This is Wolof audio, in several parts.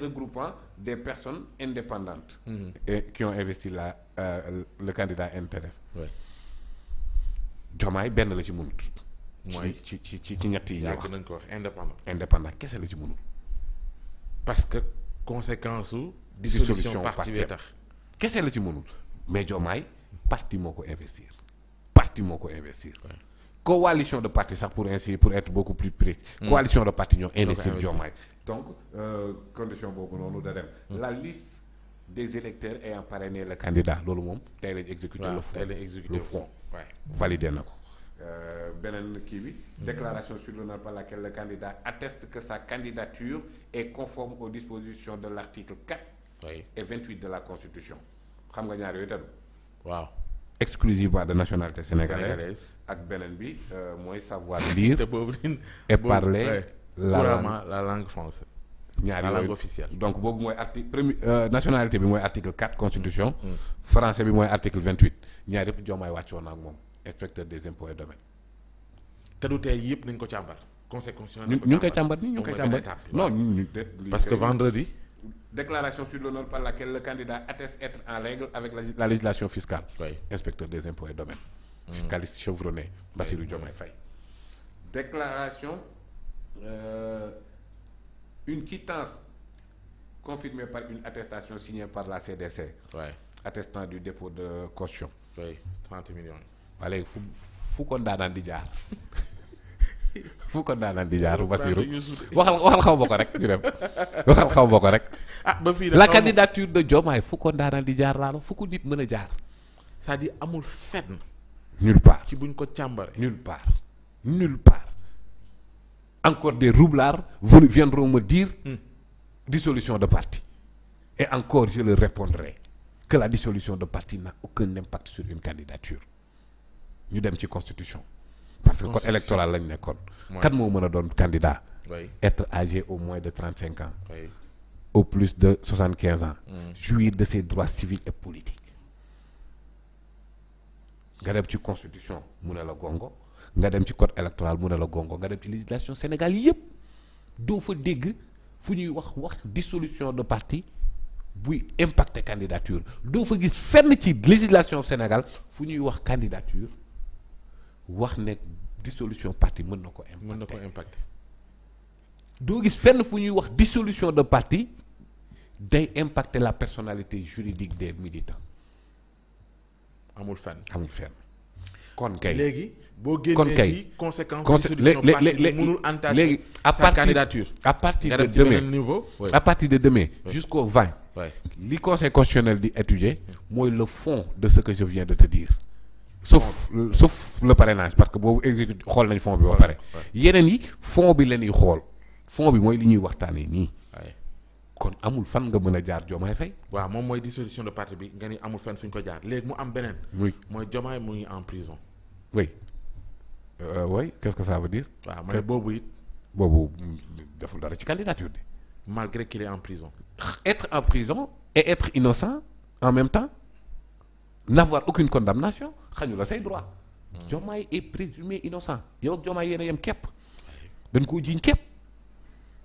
regroupant des personnes indépendantes mm -hmm. et qui ont investi la euh, le candidat intéresse jomaay benn la ci mënut mooy ci ci ci ci ñett yi nañ ko wax indépendant indépendant kese la ci mënul parce que conséquence u dissolution parti bi tax kese la ci mënul mais jomaay parti moo ko investir parti moo ko investir coalition de parti sax pour ainsi pour être beaucoup plus précis. Hmm. coalition de parti ñoo investir Diomaye donc euh, condition boobu noonu da dem. Hmm. la liste des électeurs ayant parrainé le candidat loolu moom tey lañ exécuté le front tey lañ exécuté le front validé na ko euh, beneen kii bi hmm. déclaration sur l'honneur par laquelle le candidat atteste que sa candidature est conforme aux dispositions de l'article 4 oui. et 28 de la constitution xam nga ñaar yooyu tadu waaw exclusivement de nationalité sénégalaise ak beneen bi euh, mooy savoir lire et parler la langue française ñaari la langue officielle donc boobu mooy article premier euh, nationalité bi mooy article 4 constitution mm. Mm. français bi mooy article 28 ñaar yëpp joomaay wàccoon ak moom inspecteur des impôts et domaines te du tey yëpp nañ ko càmbar conseil constitutionnel ñu ngi koy càmbar ni ñu ngi koy càmbar non parce que vendredi déclaration sur l'honneur par laquelle le candidat atteste être en règle avec la, la législation fiscale. Oui. inspecteur des impôts et domaines. Mm-hmm. fiscaliste chevronné Bassirou Diomaye Faye. déclaration euh, une quittance confirmée par une attestation signée par la CDC. Oui. attestant du dépôt de caution. oui 30 millions. waa léegi fu ko daanaan di jaar Bassirou waxal waxal xaw ma ko rek ñu dem waxal xaw ma ko rek. ah fii la candidature de Diomaye fu ko di jaar laalo fu ko nit mën a jaar. cest à amul fenn. nulle part ci buñ ko càmbaree. nulle part encore des roublards viendront me dire. Hmm. dissolution de parti. et encore je leur répondrai que la dissolution de parti n'a aucun impact sur une candidature ñu dem ci constitution. parce que code électoral lañ nekkoon. kat moo mën a doon candidat. oui être âgé au mois de trente cinq ans. au plus de soixante quinze ans. Mm. jouir de ses droits civils et politiques. nga dem ci constitution mu ne la gongo nga dem ci cote électoral mu ne la gongo nga dem ci législation Sénégal yëpp doo fa dégg fu ñuy wax wax dissolution de parti buy impacte candidature doo fa gis fenn ci législation Sénégal fu ñuy wax candidature. wax ne dissolution parti mën na ko impacter mën na ko impacter doo gis fenn fu ñuy wax dissolution de parti day impacte la personnalité juridique des militants. amul fenn amul fenn. kon kay léegi boo génnee ci conséquence dissolution mënul entacher léegi à partir à partir de demain niveau à partir de demain jusqu'au 20 li conseil constitutionnel di étudier mooy le fond de ce que je viens de te dire sauf sauf le parrainage parce que boobu exécute xool nañ fond bi ba pare yeneen yi fond bi la ñuy xool fond bi mooy li ñuy waxtaanee nii kon amul fan nga mën a jaar Diomaye Faye waaw moom mooy dissolution de parti bi nga ni amul fenn suñ ko jaar léegi mu am beneen oui mooy Diomaye mu en prison oui euh, oui qu'est-ce que ça veut dire waaw ma boobu it boobu deful dara ci candidature bi malgré qu'il est en prison être en prison et être innocent en même temps n'avoir aucune condamnation xañu la say droit Diomaye est présumé innocent yow ak Diomaye yéen a yem képp dañ koo jiiñ képp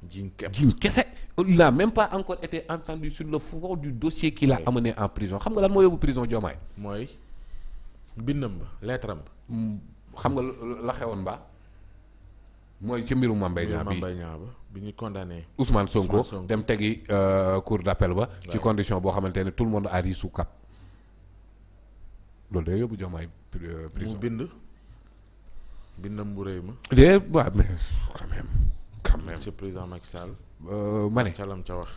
jiiñ kese il n'a même pas encore été entendu sur le fond du dossier qui l'a amené en prison xam nga lan moo yóbbu prison Diomaye mooy bindam ba mm, xam nga la xewoon ba mooy ci mbirum Mame Mbaye Niang bi bi ñu condamné Ousmane Sonko dem tegi euh, cour d'appel ba ci condition boo xamante ne tout le monde a ri sous loolu day yóbbu Diomaye euh, prison mu bind. bindam bu rëy ma. de waaw mais quand même. quand même monsieur président Macky Sall. Euh, ma ne calam ca wax.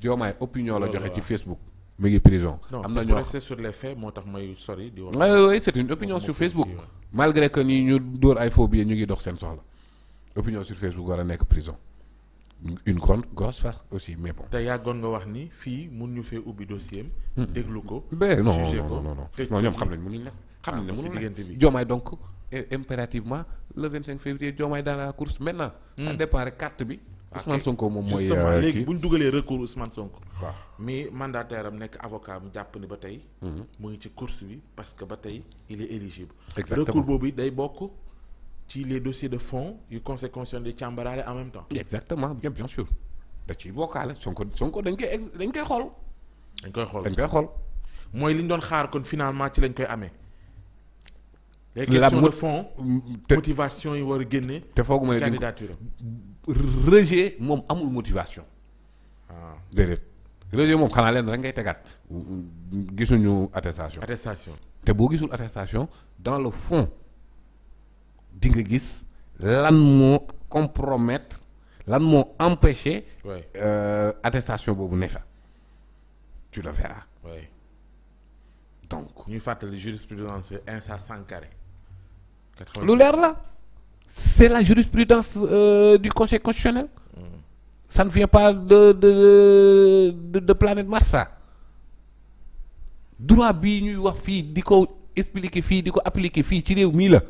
Diomaye opinion la joxe ci Facebook. mu ngi prison. am na ñoo c'est sur les faits moo tax may sori di wax. oui c'est une opinion sur Facebook. malgré que nii ñu dóor ay phobie ñu ngi dox seen soxla. opinion sur Facebook war a nekk prison. une grande grosse farce aussi mais bon. te yàggoon nga wax ni fii mun ñu fee ubbi dossier am. Hmm. déglu ko. jugé ko non non ñoom xam nañ mënuñ nekk. xam nañ ne ah, mënuñ nekk Diomaye donc impérativement le 25 février Diomaye dans la course maintenant. ça hmm. dépend rek carte bi. Ousmane Sonko moom mooy. justement euh, léegi bu ñu dugalee recours Ousmane Sonko. waaw mais mandataire am nekk avocat mu jàpp ni ba tey. Hmm. mu ngi ci course bi parce que ba tey il est éligible. exactement recours boobu day bokk. ci les dossiers de fond yu conseil constitutionnel di càmbaraale en même temps. exactement bien bien sûr da ciy bokkaale Sonko Sonko dañ koy dañ koy xool. dañ koy xool dañ koy xool. mooy li ñu doon xaar kon finalement ci lañ koy amee. les questions de fond motivation yi war a génne. te foog ma ne candidature rejet moom amul motivation. waaw ah. déedéet rejet moom xanaa leen rek ngay tegaat. gisuñu attestation. attestation te boo gisul attestation dans le fond. di nga gis lan moo compromettre lan moo empêcher. Ouais. Euh, attestation boobu ne tu le verras. donc ñuy fàttali jurisprudence Insa Sankaré. lu leer la c'est la jurisprudence euh, du conseil constitutionnel. Mm. ça ne vient de de de de planète Mars ça droit bii ñuy wax fii di ko expliquer fii di ko appliquer fii ci réew mii la.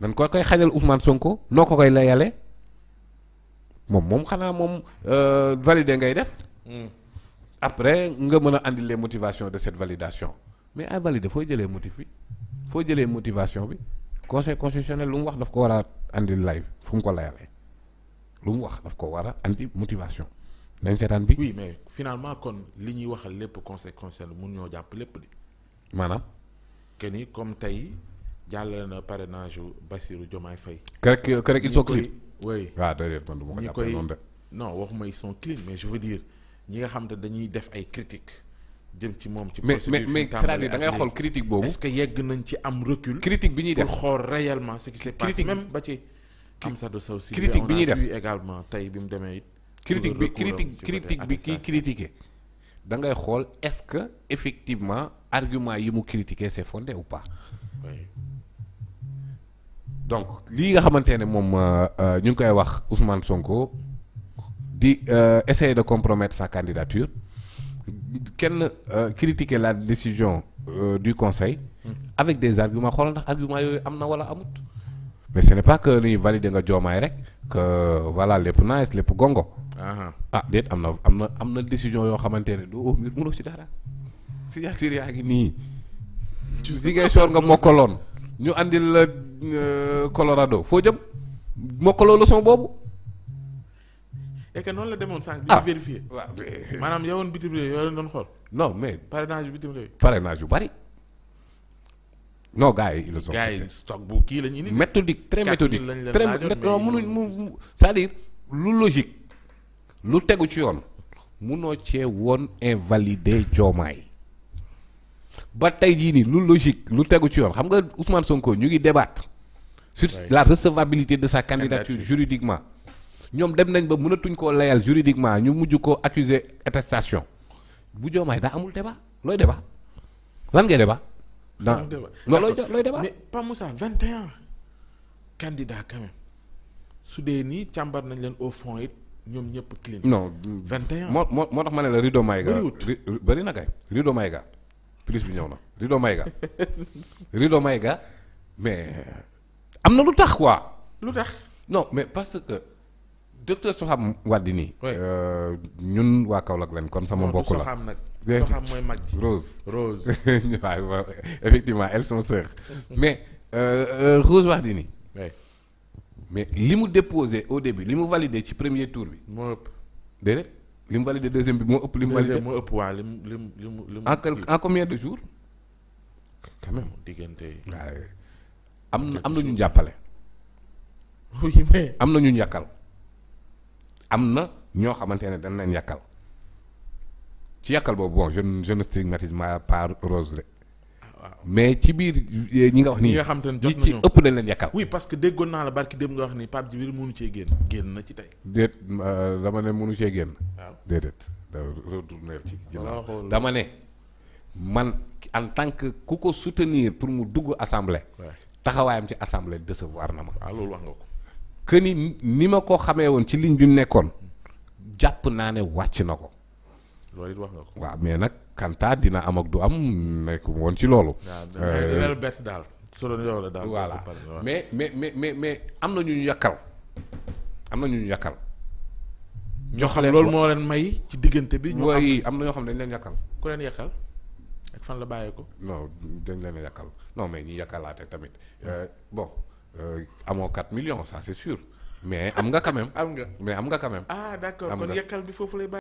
dañ ko koy xajal Ousmane Sonko noo ko koy layale moom moom xanaa moom euh, valider ngay def. Hmm. après nga mën a andi les motivations de cette validation mais ay valider foo jëlee motif bi foo jëlee motivation bi conseil constitutionnel lu mu wax daf ko war a andi lay fu mu ko layalee lu mu wax daf ko war a andi motivation. nañ seetaan bi oui mais finalement kon li ñuy waxal lépp conseil constitutionnel mun ñoo jàpp lépp li maanaam que ni comme tey. jàllale na parrainage yu Bassirou Diomaye Faye. correct correct ils sont clean. oui waaw ah, déedéet man du ma ko jàppale noonu de. non waxuma ils sont clean mais je veux dire ñi nga xam te dañuy def ay critiques jëm ci moom ci procédure mais mais c'est-à-dire da ngay xool critique boobu. est-ce que yegg nañ ci am recul. critique bi ñuy def pour xool réellement ce qui se passe. même ba ci Amsatou ah, Sow Sidibé. critique bi ñuy def également tey bi mu demee it. critique bi critique critique bi kii critiqué da ngay xool est-ce que effectivement argument yi mu critiqué c'est fondé ou pas. oui. donc lii nga xamante ne moom euh, euh, ñu ngi koy wax Ousmane Sonko di euh, essayer de compromettre sa candidature kenn critiquer la décision du conseil mm. avec des arguments xoolal ndax arguments yooyu am na wala amut mais ce n'est pas que ñuy valider nga joomaay rek que voilà lépp nice lépp gongo ah déet am na am na am na décision yoo xamante ne doo au mur ci dara signature yaa ngi nii Ziguinchor nga mokkaloon ñu andil la euh, Colorado foo jëm mokkaloo leçon boobu. et que noonu la demoon sànq. ah bi vérifié. waaw maanaam yowoon bitim réew yoo leen doon xool. non mais parrainage yu bitim réew. parrainage yu bari. non gars yi ils sont. gars yi stock bu kii la ñu indi. méthodique très méthodique très non mënuñ mu c'est-à-dire lu logique lu tegu ci yoon munoo cee woon invalider Diomaye. ba tey jii nii lu logique lu tegu ci yoon xam nga Ousmane Sonko ñu ngi débattre sur la recevabilité de sa candidature juridiquement ñoom dem nañ ba mënatuñ koo layal juridiquement ñu mujj ko accuser attestation bu Diomaye daa amul débat looy débat lan ngay débat. dans non looy looy débat mais Pa Moussa 21 candidats quand même su dee nii càmbar nañ leen au fond it ñoom ñëpp clean. non 21 moo moo moo tax ma ne la Rido Maïga. bëriwut bëri na kay Rido Maïga. plus bi ñëw na Rido Mayiga Rido Mayiga mais am na lu tax quoi. lu tax non mais parce que docteur Soham Wardini. Euh, ñun waa Kaolack lañ kon sama mbokk la Soham nag Soham mooy mag ji Rose. Rose effectivement elles sont sœurs mais euh, euh, Rose Wardini. mais li mu déposé au début li mu validé ci premier tour bi. moo ëpp déedéet. lim mu validé deuxième bi moo ëpp. li mu validé moo ëpp waa lim lim lim lim. en quel de jours. quand même am na am na ñu jàppale. oui am na ñu am na ñoo xamante ne dañ leen yàkkal ci yàkkal boobu bon je ne je ne stigmatise Rose mais ci biir eh, ñi nga wax nii. ñi nga xam te ne jot nañu ci ëpp nañ leen yàkkal. oui parce que déggoon naa la barki dem nga wax ni Pape Djibril mënu cee génn génn na ci tey. déet dama ne mënu génn. dama ne man en tant que ku ko soutenir pour mu dugg assemblée. taxawaayam ci assemblée décevoir na ma. waaw ah, loolu wax nga ko. que ni ni ma ko xamee woon ci ligne bi nekkoon jàpp naa ne wàcc na ko. loolu wax nga mais nag. Kanta dina am ak du am nekk woon ci loolu. waaw euh, bett daal. voilà mais mais mais mais mais am na ñu ñu yàkkal am na ñu ñu yàkkal. jox loolu moo leen may ci diggante bi. ñu am na ñoo xam ne dañ leen yàkkal. ku leen yàkkal ak fan la bàyyee ko. non dañ leen a yàkkal non mais ñu yàkkalaate tamit euh, bon euh, amoo 4 millions ça c'est sûr mais am nga quand am nga mais ah d'accord kon yàkkal bi foofu lay bàyyi